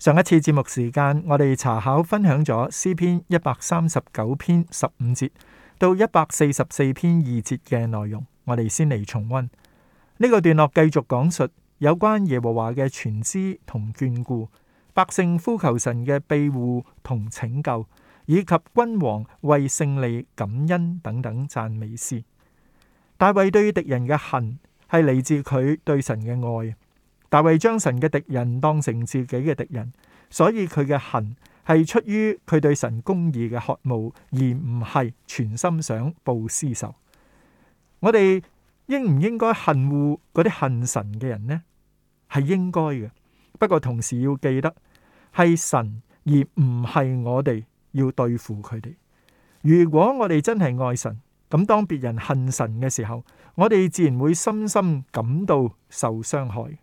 上一次節目時間，我哋查考分享咗詩篇一百三十九篇十五節到一百四十四篇二節嘅內容，我哋先嚟重温呢個段落，繼續講述有關耶和華嘅全知同眷顧，百姓呼求神嘅庇護同拯救，以及君王為勝利感恩等等讚美詩。大衛對敵人嘅恨係嚟自佢對神嘅愛。大衛將神嘅敵人當成自己嘅敵人，所以佢嘅恨係出於佢對神公義嘅渴慕，而唔係全心想報私仇。我哋應唔應該恨惡嗰啲恨神嘅人呢？係應該嘅，不過同時要記得係神而唔係我哋要對付佢哋。如果我哋真係愛神，咁當別人恨神嘅時候，我哋自然會深深感到受傷害。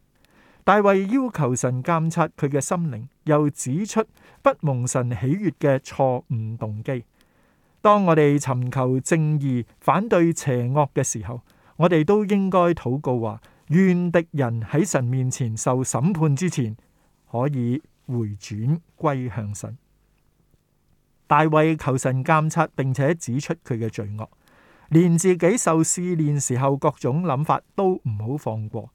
大衛要求神監察佢嘅心靈，又指出不蒙神喜悦嘅錯誤動機。當我哋尋求正義、反對邪惡嘅時候，我哋都應該禱告，話願敵人喺神面前受審判之前，可以回轉歸向神。大衛求神監察，並且指出佢嘅罪惡，連自己受試煉時候各種諗法都唔好放過。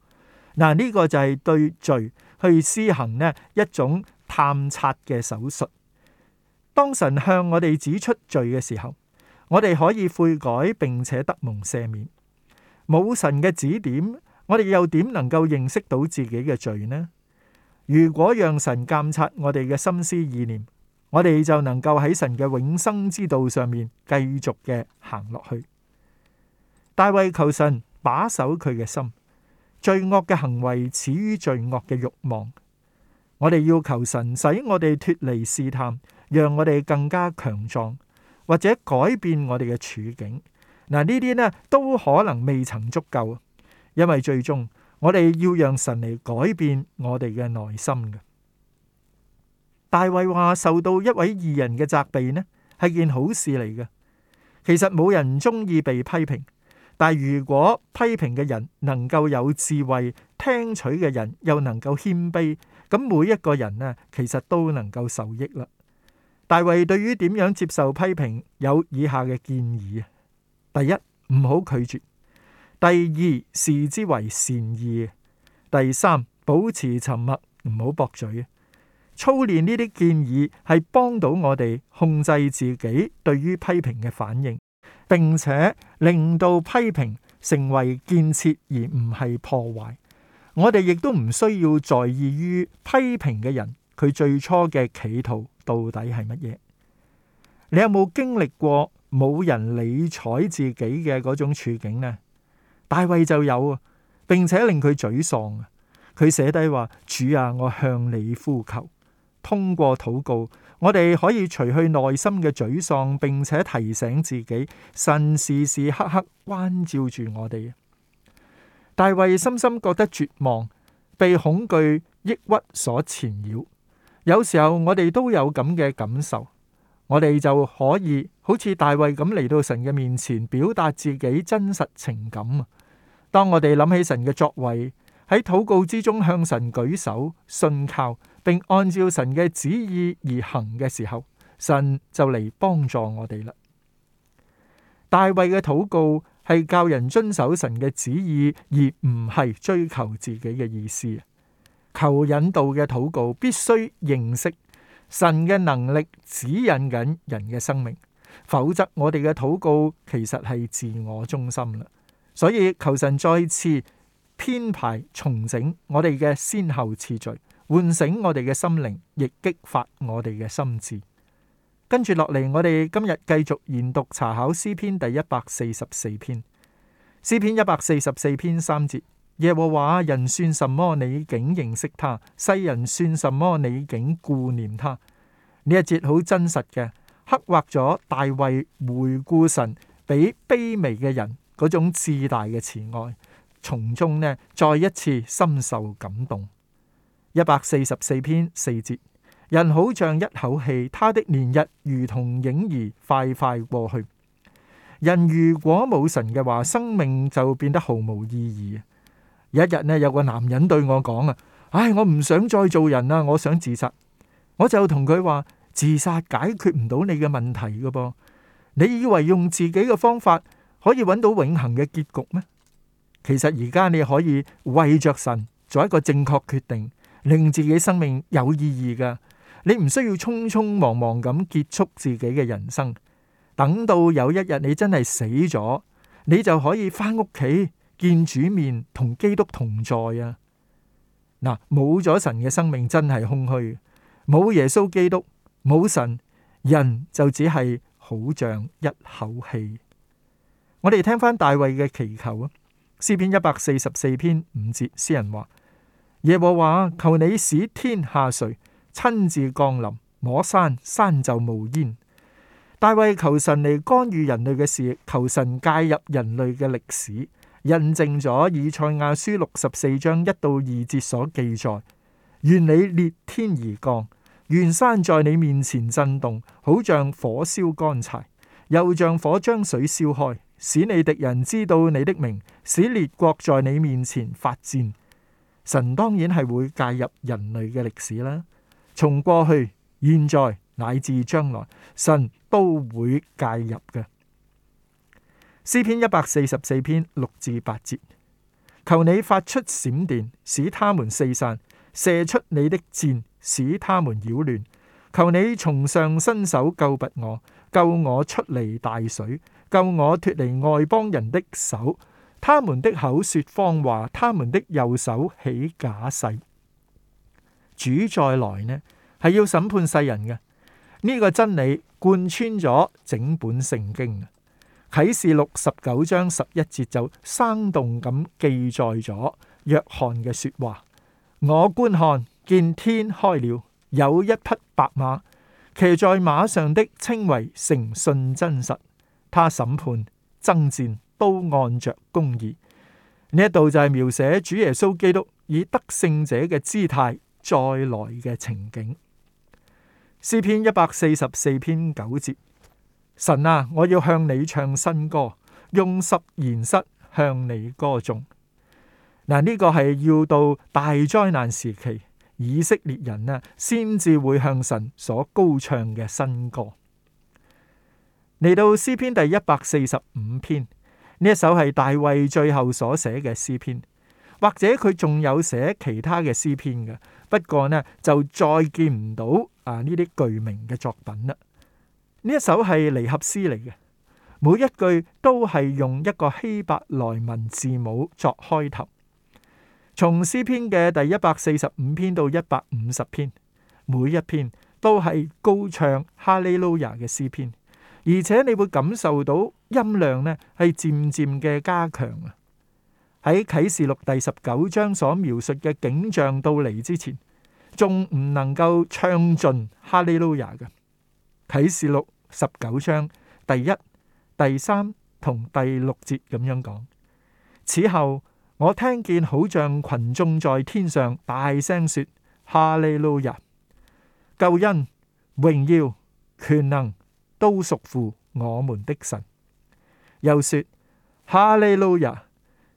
嗱，呢個就係對罪去施行呢一種探測嘅手術。當神向我哋指出罪嘅時候，我哋可以悔改並且得蒙赦免。冇神嘅指點，我哋又點能夠認識到自己嘅罪呢？如果讓神監察我哋嘅心思意念，我哋就能夠喺神嘅永生之道上面繼續嘅行落去。大衛求神把守佢嘅心。罪惡嘅行為始於罪惡嘅慾望，我哋要求神使我哋脫離試探，讓我哋更加強壯，或者改變我哋嘅處境。嗱，呢啲呢都可能未曾足夠，因為最終我哋要讓神嚟改變我哋嘅內心嘅。大衛話受到一位義人嘅責備呢，係件好事嚟嘅。其實冇人中意被批評。但如果批評嘅人能夠有智慧，聽取嘅人又能夠謙卑，咁每一個人呢，其實都能夠受益啦。大衛對於點樣接受批評有以下嘅建議：第一，唔好拒絕；第二，視之為善意；第三，保持沉默，唔好駁嘴。操練呢啲建議係幫到我哋控制自己對於批評嘅反應。並且令到批評成為建設而唔係破壞，我哋亦都唔需要在意於批評嘅人，佢最初嘅企圖到底係乜嘢。你有冇經歷過冇人理睬自己嘅嗰種處境呢？大衛就有，並且令佢沮喪。佢寫低話：主啊，我向你呼求，通過禱告。我哋可以除去內心嘅沮喪，並且提醒自己，神時時刻刻關照住我哋。大衛深深覺得絕望，被恐懼、抑鬱所纏繞。有時候我哋都有咁嘅感受，我哋就可以好似大衛咁嚟到神嘅面前，表達自己真實情感。當我哋諗起神嘅作為，喺禱告之中向神舉手，信靠。並按照神嘅旨意而行嘅時候，神就嚟幫助我哋啦。大衛嘅禱告係教人遵守神嘅旨意，而唔係追求自己嘅意思。求引導嘅禱告必須認識神嘅能力指引緊人嘅生命，否則我哋嘅禱告其實係自我中心啦。所以求神再次編排重整我哋嘅先後次序。喚醒我哋嘅心靈，亦激發我哋嘅心智。跟住落嚟，我哋今日繼續研讀查考詩篇第一百四十四篇。詩篇一百四十四篇三節：耶和華人算什麼？你竟認識他；世人算什麼？你竟顧念他？呢一節好真實嘅，刻畫咗大衛回顧神俾卑微嘅人嗰種至大嘅慈愛，從中呢再一次深受感動。一百四十四篇四節，人好像一口氣，他的年日如同影兒，快快過去。人如果冇神嘅話，生命就變得毫無意義。有一日呢，有個男人對我講啊：唉，我唔想再做人啦，我想自殺。我就同佢話：自殺解決唔到你嘅問題㗎噃。你以為用自己嘅方法可以揾到永恆嘅結局咩？其實而家你可以為着神做一個正確決定。令自己生命有意義噶，你唔需要匆匆忙忙咁結束自己嘅人生。等到有一日你真係死咗，你就可以翻屋企見主面，同基督同在啊！嗱，冇咗神嘅生命真係空虛，冇耶穌基督，冇神，人就只係好像一口氣。我哋聽翻大衛嘅祈求啊，詩篇一百四十四篇五節，詩人話。耶和華，求你使天下垂，親自降臨，摸山，山就冒煙。大衛求神嚟干預人類嘅事，求神介入人類嘅歷史，印證咗以賽亞書六十四章一到二節所記載：願你裂天而降，願山在你面前震動，好像火燒乾柴，又像火將水燒開，使你敵人知道你的名，使列國在你面前發顫。神當然係會介入人類嘅歷史啦，從過去、現在乃至將來，神都會介入嘅。詩篇一百四十四篇六至八節：求你發出閃電，使他們四散；射出你的箭，使他們擾亂；求你從上伸手救拔我，救我出離大水，救我脱離外邦人的手。他們的口說謊話，他們的右手起假誓。主再來呢，係要審判世人嘅。呢、這個真理貫穿咗整本聖經。啟示錄十九章十一節就生動咁記載咗約翰嘅說話：我觀看，見天開了，有一匹白馬，騎在馬上的稱為誠信真實。他審判爭戰，都按着公義呢一度就係描寫主耶穌基督以得勝者嘅姿態再來嘅情景。詩篇一百四十四篇九節：神啊，我要向你唱新歌，用十弦瑟向你歌頌。嗱，呢個係要到大災難時期，以色列人啊先至會向神所高唱嘅新歌。嚟到詩篇第一百四十五篇。呢一首係大衛最後所寫嘅詩篇，或者佢仲有寫其他嘅詩篇嘅，不過呢就再見唔到啊呢啲巨名嘅作品啦。呢一首係離合詩嚟嘅，每一句都係用一個希伯來文字母作開頭。從詩篇嘅第一百四十五篇到一百五十篇，每一篇都係高唱哈利路亞嘅詩篇。而且你會感受到音量呢係漸漸嘅加強啊！喺啟示錄第十九章所描述嘅景象到嚟之前，仲唔能夠唱盡哈利路亞嘅。啟示錄十九章第一、第三同第六節咁樣講。此後我聽見好像群眾在天上大聲說：哈利路亞！救恩、榮耀、權能。都屬乎我們的神。又說：哈利路亞，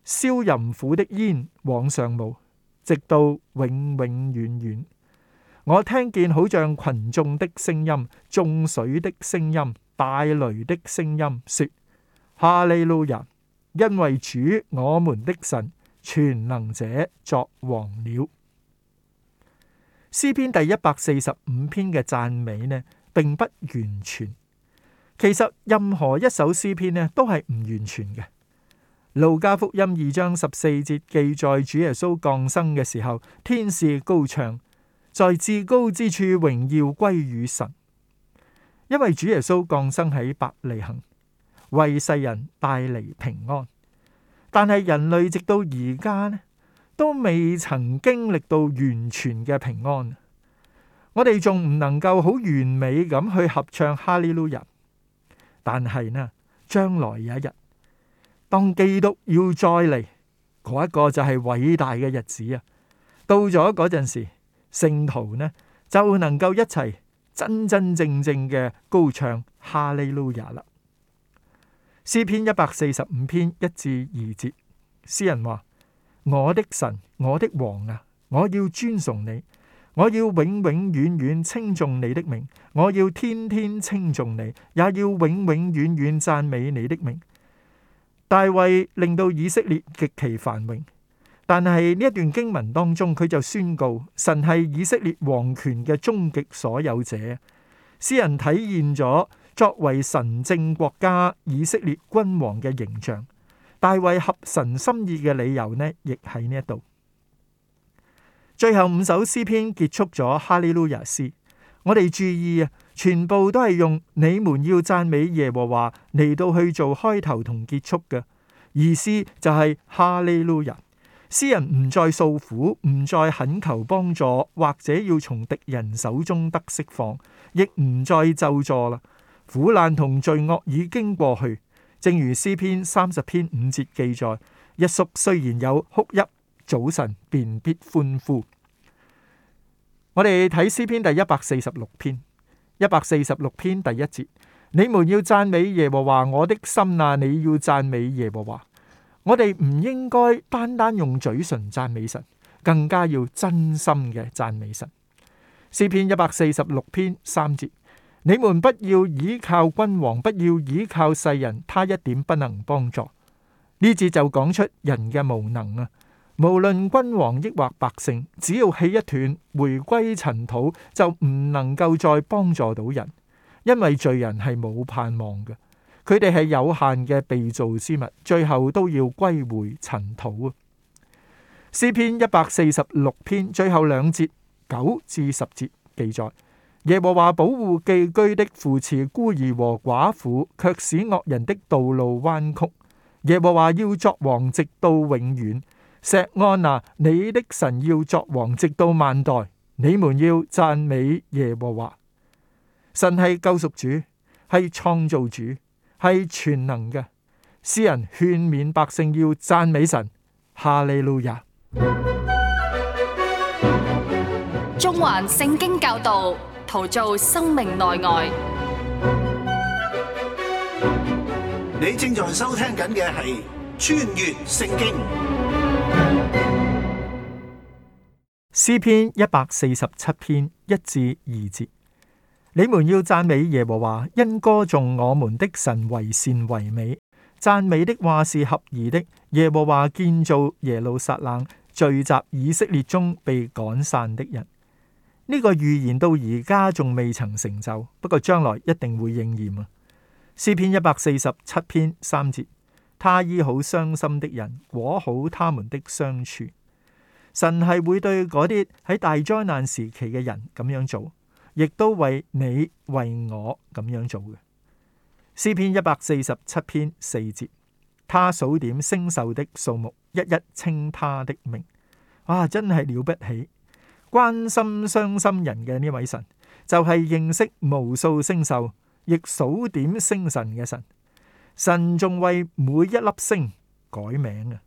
燒淫婦的煙往上冒，直到永永遠遠。我聽見好像群眾的聲音、眾水的聲音、大雷的聲音，說：哈利路亞，因為主我們的神全能者作王了。詩篇第一百四十五篇嘅讚美呢，並不完全。其實任何一首詩篇咧都係唔完全嘅。路加福音二章十四節記載，主耶穌降生嘅時候，天使高唱，在至高之處，榮耀歸與神，因為主耶穌降生喺伯利恆，為世人帶嚟平安。但係人類直到而家咧都未曾經歷到完全嘅平安。我哋仲唔能夠好完美咁去合唱哈利路亞。」但係呢，將來有一日，當基督要再嚟，嗰一個就係偉大嘅日子啊！到咗嗰陣時，聖徒呢就能夠一齊真真正正嘅高唱哈利路亞啦。詩篇一百四十五篇一至二節，詩人話：我的神，我的王啊，我要尊崇你。我要永永遠遠稱頌你的名，我要天天稱頌你，也要永永遠遠,遠遠讚美你的名。大衛令到以色列極其繁榮，但係呢一段經文當中，佢就宣告神係以色列王權嘅終極所有者，詩人體現咗作為神政國家以色列君王嘅形象。大衛合神心意嘅理由呢，亦喺呢一度。最後五首詩篇結束咗哈利路亞詩，我哋注意啊，全部都係用你們要讚美耶和華嚟到去做開頭同結束嘅，意思就係哈利路亞。詩人唔再訴苦，唔再懇求幫助，或者要從敵人手中得釋放，亦唔再咒詛啦。苦難同罪惡已經過去，正如詩篇三十篇五節記載：一宿雖然有哭泣。早晨便必歡呼。我哋睇詩篇第一百四十六篇，一百四十六篇第一節，你們要讚美耶和華，我的心啊，你要讚美耶和華。我哋唔應該單單用嘴唇讚美神，更加要真心嘅讚美神。詩篇一百四十六篇三節，你們不要倚靠君王，不要倚靠世人，他一點不能幫助。呢節就講出人嘅無能啊。無論君王抑或百姓，只要氣一斷，回歸塵土就唔能夠再幫助到人，因為罪人係冇盼望嘅，佢哋係有限嘅被造之物，最後都要歸回塵土啊。詩篇一百四十六篇最後兩節九至十節記載：耶和華保護寄居的，扶持孤兒和寡婦，卻使惡人的道路彎曲。耶和華要作王，直到永遠。錫安哪，啊，你的神要作王，直到萬代。你們要讚美耶和華。神係救贖主，係創造主，係全能嘅。詩人勸勉百姓要讚美神。哈利路亞。中環聖經教導，陶造生命內外。你正在收聽緊嘅係穿越聖經。詩篇一百四十七篇一至二節，你們要讚美耶和華，因歌頌我們的神為善為美。讚美的話是合宜的，耶和華建造耶路撒冷，聚集以色列中被趕散的人。呢個預言到而家仲未曾成就，不過將來一定會應驗啊！詩篇一百四十七篇三節，他醫好傷心的人，裹好他們的傷處。神係會對嗰啲喺大災難時期嘅人咁樣做，亦都為你為我咁樣做嘅。詩篇一百四十七篇四節，他數點星宿的數目，一一稱他的名。哇，真係了不起！關心傷心人嘅呢位神，就係、是、認識無數星宿，亦數點星神嘅神。神仲為每一粒星改名啊！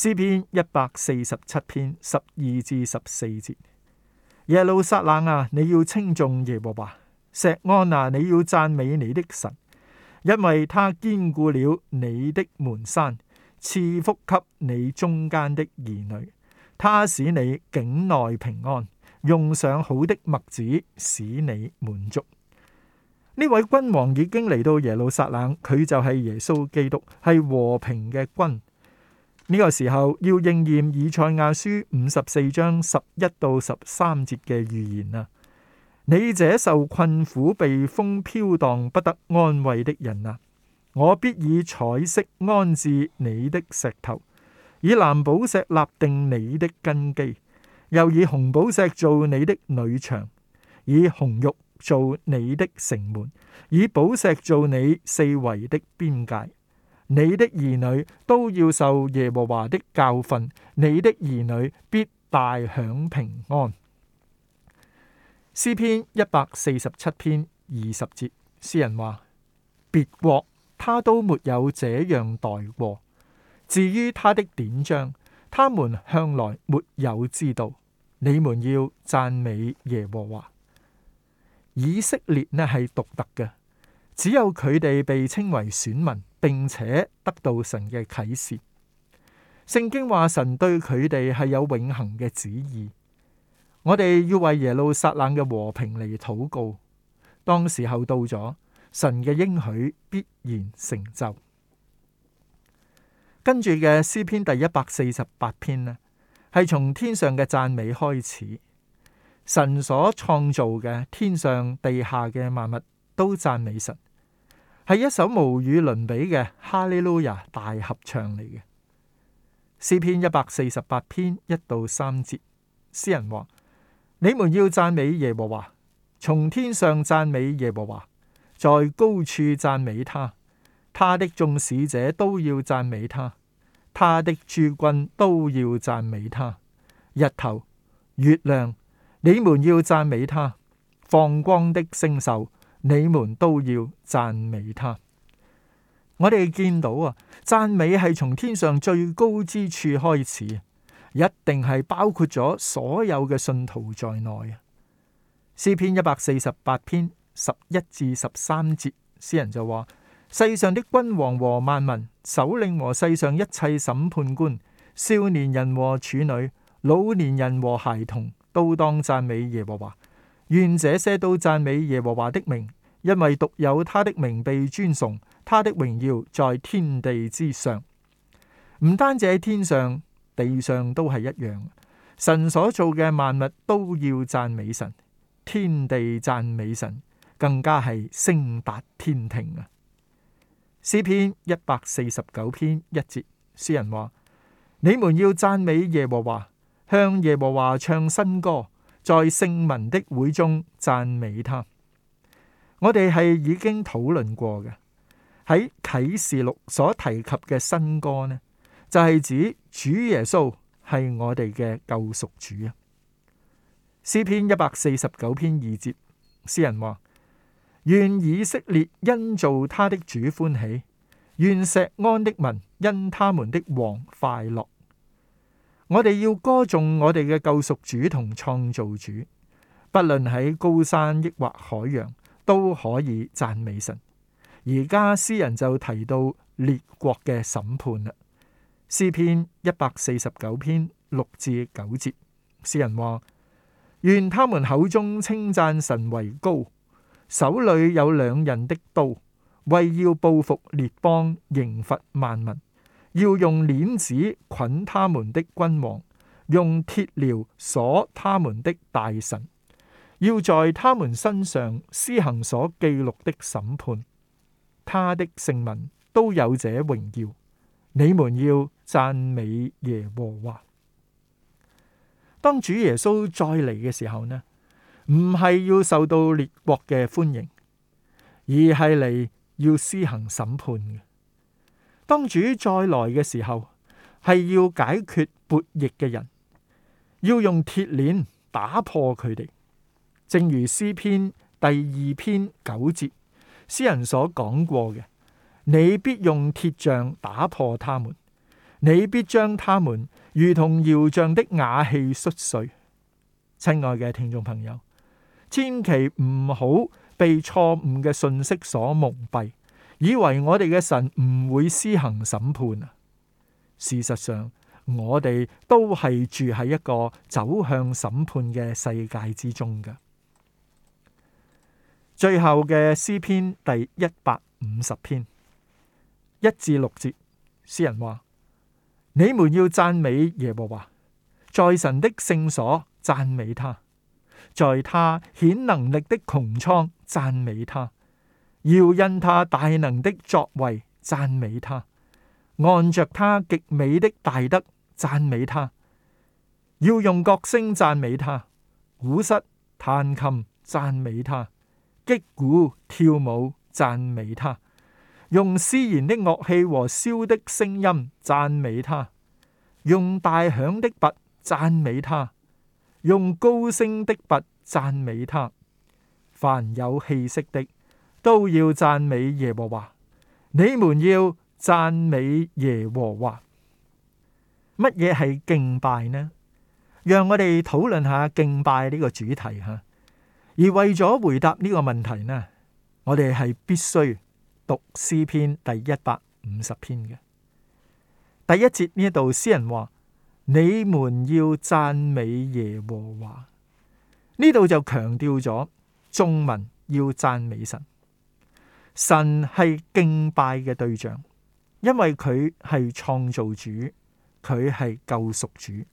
詩篇一百四十七篇十二至十四節，耶路撒冷啊，你要稱頌耶和華；錫安哪，啊，你要讚美你的神，因為他堅固了你的門山，賜福給你中間的兒女，他使你境內平安，用上好的麥子使你滿足。呢位君王已經嚟到耶路撒冷，佢就係耶穌基督，係和平嘅君。呢個時候要應驗以賽亞書五十四章十一到十三節嘅預言啊！你這受困苦被風飄蕩不得安慰的人啊，我必以彩色安置你的石頭，以藍寶石立定你的根基，又以紅寶石做你的女牆，以紅玉做你的城門，以寶石做你四圍的邊界。你的兒女都要受耶和華的教訓，你的兒女必大享平安。詩篇一百四十七篇二十節，詩人話：別國他都沒有這樣待過，至於他的典章，他們向來沒有知道。你們要讚美耶和華。以色列呢係獨特嘅，只有佢哋被稱為選民。並且得到神嘅啟示，聖經話神對佢哋係有永恒嘅旨意。我哋要為耶路撒冷嘅和平嚟禱告。當時候到咗，神嘅應許必然成就。跟住嘅詩篇第一百四十八篇呢，係從天上嘅讚美開始。神所創造嘅天上地下嘅萬物都讚美神。係一首無與倫比嘅哈利路亞大合唱嚟嘅。詩篇一百四十八篇一到三節，詩人話：你們要讚美耶和華，從天上讚美耶和華，在高處讚美他，他的眾使者都要讚美他，他的諸軍都要讚美他，日頭、月亮，你們要讚美他，放光的星宿。你們都要讚美他。我哋見到啊，讚美係從天上最高之處開始，一定係包括咗所有嘅信徒在內啊。詩篇一百四十八篇十一至十三節，詩人就話：世上的君王和萬民、首領和世上一切審判官、少年人和處女、老年人和孩童，都當讚美耶和華。願這些都讚美耶和華的名，因為獨有他的名被尊崇，他的榮耀在天地之上。唔單止喺天上，地上都係一樣。神所做嘅萬物都要讚美神，天地讚美神，更加係升達天庭啊！詩篇一百四十九篇一節，詩人話：你們要讚美耶和華，向耶和華唱新歌。在聖民的會中讚美他，我哋係已經討論過嘅。喺啟示錄所提及嘅新歌呢，就係、是、指主耶穌係我哋嘅救贖主啊。詩篇一百四十九篇二節，詩人話：願以色列因造他的主歡喜，願錫安的民因他們的王快樂。我哋要歌頌我哋嘅救贖主同創造主，不論喺高山抑或海洋，都可以讚美神。而家詩人就提到列國嘅審判啦，詩篇一百四十九篇六至九節，詩人話：願他們口中稱讚神為高，手裏有兩刃的刀，為要報復列邦，刑罰萬民。要用鏈子捆他們的君王，用鐵鐐鎖他們的大臣，要在他們身上施行所記錄的審判。他的聖民都有這榮耀，你們要讚美耶和華。當主耶穌再嚟嘅時候呢，唔係要受到列國嘅歡迎，而係嚟要施行審判嘅。當主再來嘅時候，係要解決悖逆嘅人，要用鐵鏈打破佢哋。正如詩篇第二篇九節詩人所講過嘅：你必用鐵杖打破他們，你必將他們如同窯匠的瓦器摔碎。親愛嘅聽眾朋友，千祈唔好被錯誤嘅信息所蒙蔽。以為我哋嘅神唔會施行審判。事實上，我哋都係住喺一個走向審判嘅世界之中嘅。最後嘅詩篇第一百五十篇一至六節，詩人話：你們要讚美耶和華，在神的聖所讚美他，在他顯能力的穹蒼讚美他。要因他大能的作為讚美他，按着他極美的大德讚美他，要用角聲讚美他，鼓瑟彈琴讚美他，擊鼓跳舞讚美他，用絲弦的樂器和簫的聲音讚美他，用大響的鈸讚美他，用高聲的鈸讚美他，凡有氣息的。都要讚美耶和華，你們要讚美耶和華。乜嘢係敬拜呢？讓我哋討論下敬拜呢個主題吓。而為咗回答呢個問題呢，我哋係必須讀詩篇第一百五十篇嘅第一節呢度，詩人話：你們要讚美耶和華。呢度就強調咗眾民要讚美神。神係敬拜嘅對象，因為佢係創造主，佢係救贖主，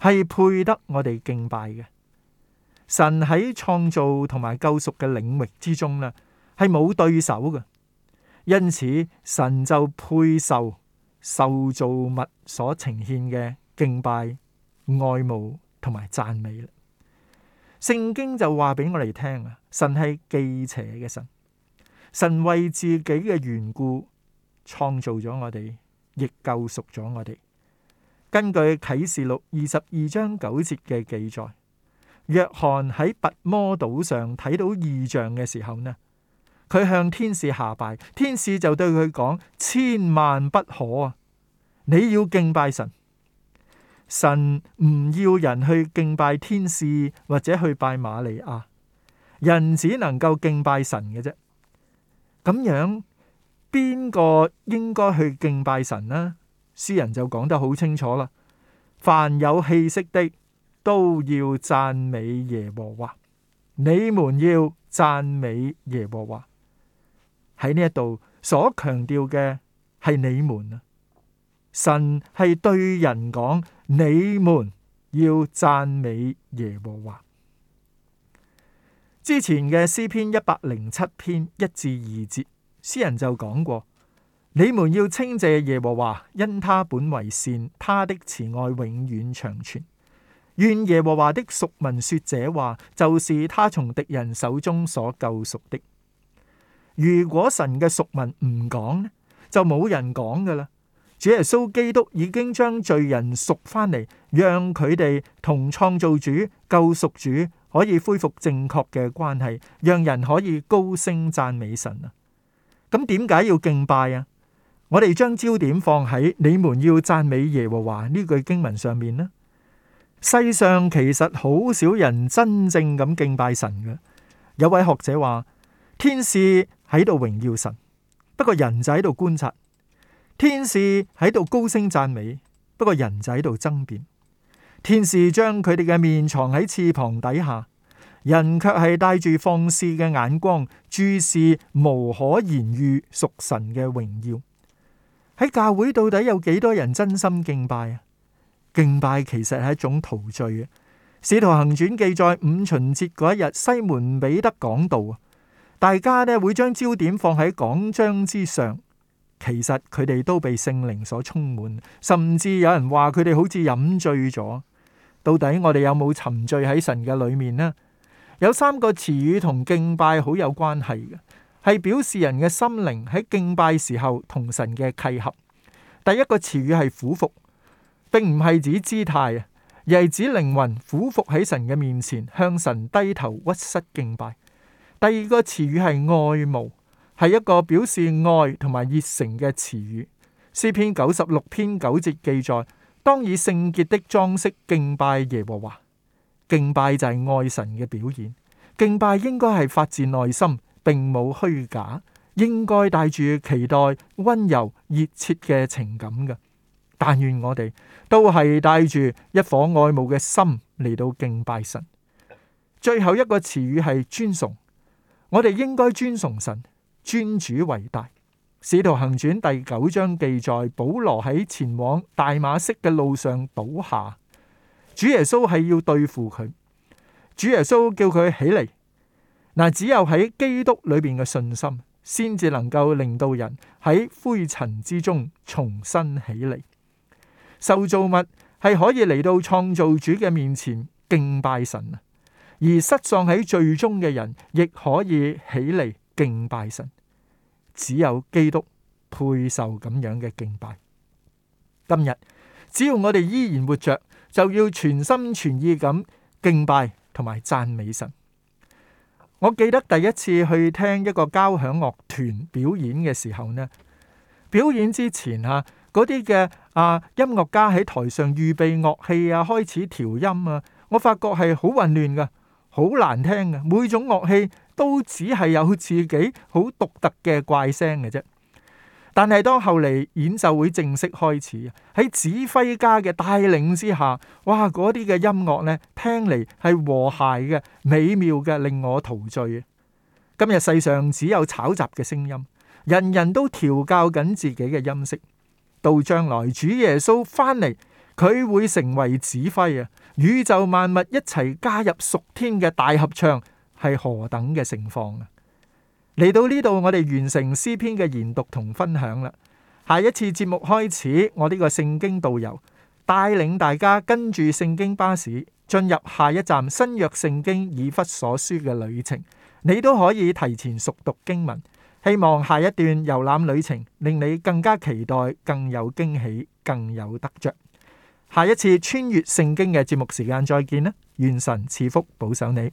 係配得我哋敬拜嘅。神喺創造同埋救贖嘅領域之中啦，係冇對手㗎，因此神就配受受造物所呈現嘅敬拜、愛慕同埋讚美啦。聖經就話俾我哋聽啊，神係忌邪嘅神。神為自己嘅緣故創造咗我哋，亦救贖咗我哋。根據啟示錄二十二章九節嘅記載，約翰喺拔摩島上睇到異象嘅時候呢，佢向天使下拜，天使就對佢講：千萬不可啊！你要敬拜神，神唔要人去敬拜天使或者去拜瑪利亞，人只能夠敬拜神嘅啫。咁樣邊個應該去敬拜神呢？詩人就講得好清楚啦。凡有氣息的，都要讚美耶和華，你們要讚美耶和華。喺呢一度所強調嘅係你們啊，神係對人講，你們要讚美耶和華。之前嘅詩篇一百零七篇一至二節，詩人就講過：你們要稱謝耶和華，因他本為善，他的慈愛永遠長存。願耶和華的贖民說這話，就是他從敵人手中所救贖的。如果神嘅贖民唔講呢，就冇人講噶啦。主耶穌基督已經將罪人贖翻嚟，讓佢哋同創造主救贖主可以恢復正確嘅關係，讓人可以高聲讚美神啊！咁點解要敬拜啊？我哋將焦點放喺你們要讚美耶和華呢句經文上面呢。世上其實好少人真正咁敬拜神嘅。有位學者話：天使喺度榮耀神，不過人就喺度觀察；天使喺度高聲讚美，不過人就喺度爭辯。天使將佢哋嘅面藏喺翅膀底下，人卻係帶住放肆嘅眼光注視無可言喻屬神嘅榮耀。喺教會到底有幾多人真心敬拜啊？敬拜其實係一種陶醉嘅。使徒行傳記載五旬節嗰一日，西門彼得講道啊，大家呢會將焦點放喺講章之上，其實佢哋都被聖靈所充滿，甚至有人話佢哋好似飲醉咗。到底我哋有冇沉醉喺神嘅裏面呢？有三個詞語同敬拜好有關係嘅，係表示人嘅心靈喺敬拜時候同神嘅契合。第一個詞語係俯伏，並唔係指姿態啊，而係指靈魂俯伏喺神嘅面前，向神低頭屈膝敬拜。第二個詞語係愛慕，係一個表示愛同埋熱誠嘅詞語。詩篇九十六篇九節記載。當以聖潔的裝飾敬拜耶和華，敬拜就係愛神嘅表現。敬拜應該係發自內心，並冇虛假，應該帶住期待、溫柔、熱切嘅情感嘅。但願我哋都係帶住一顆愛慕嘅心嚟到敬拜神。最後一個詞語係尊崇，我哋應該尊崇神，尊主為大。使徒行傳第九章記載保羅喺前往大馬色嘅路上倒下，主耶穌係要對付佢。主耶穌叫佢起嚟，嗱，只有喺基督裏邊嘅信心，先至能夠令到人喺灰塵之中重新起嚟。受造物係可以嚟到創造主嘅面前敬拜神，而失喪喺最終嘅人亦可以起嚟敬拜神。只有基督配受咁樣嘅敬拜。今日只要我哋依然活着，就要全心全意咁敬拜同埋讚美神。我記得第一次去聽一個交響樂團表演嘅時候呢，表演之前啊，嗰啲嘅啊音樂家喺台上預備樂器啊，開始調音啊，我發覺係好混亂噶，好難聽啊，每種樂器，都只係有自己好獨特嘅怪聲嘅啫，但係當後嚟演奏會正式開始，喺指揮家嘅帶領之下，哇！嗰啲嘅音樂咧，聽嚟係和諧嘅、美妙嘅，令我陶醉。今日世上只有嘈雜嘅聲音，人人都調校緊自己嘅音色。到將來主耶穌翻嚟，佢會成為指揮啊！宇宙萬物一齊加入屬天嘅大合唱。係何等嘅盛況啊！嚟到呢度，我哋完成詩篇嘅研讀同分享啦。下一次節目開始，我呢個聖經導遊帶領大家跟住聖經巴士進入下一站新約聖經以弗所書嘅旅程。你都可以提前熟讀經文，希望下一段遊覽旅程令你更加期待，更有驚喜，更有得着。下一次穿越聖經嘅節目時間再見啦！願神賜福保守你。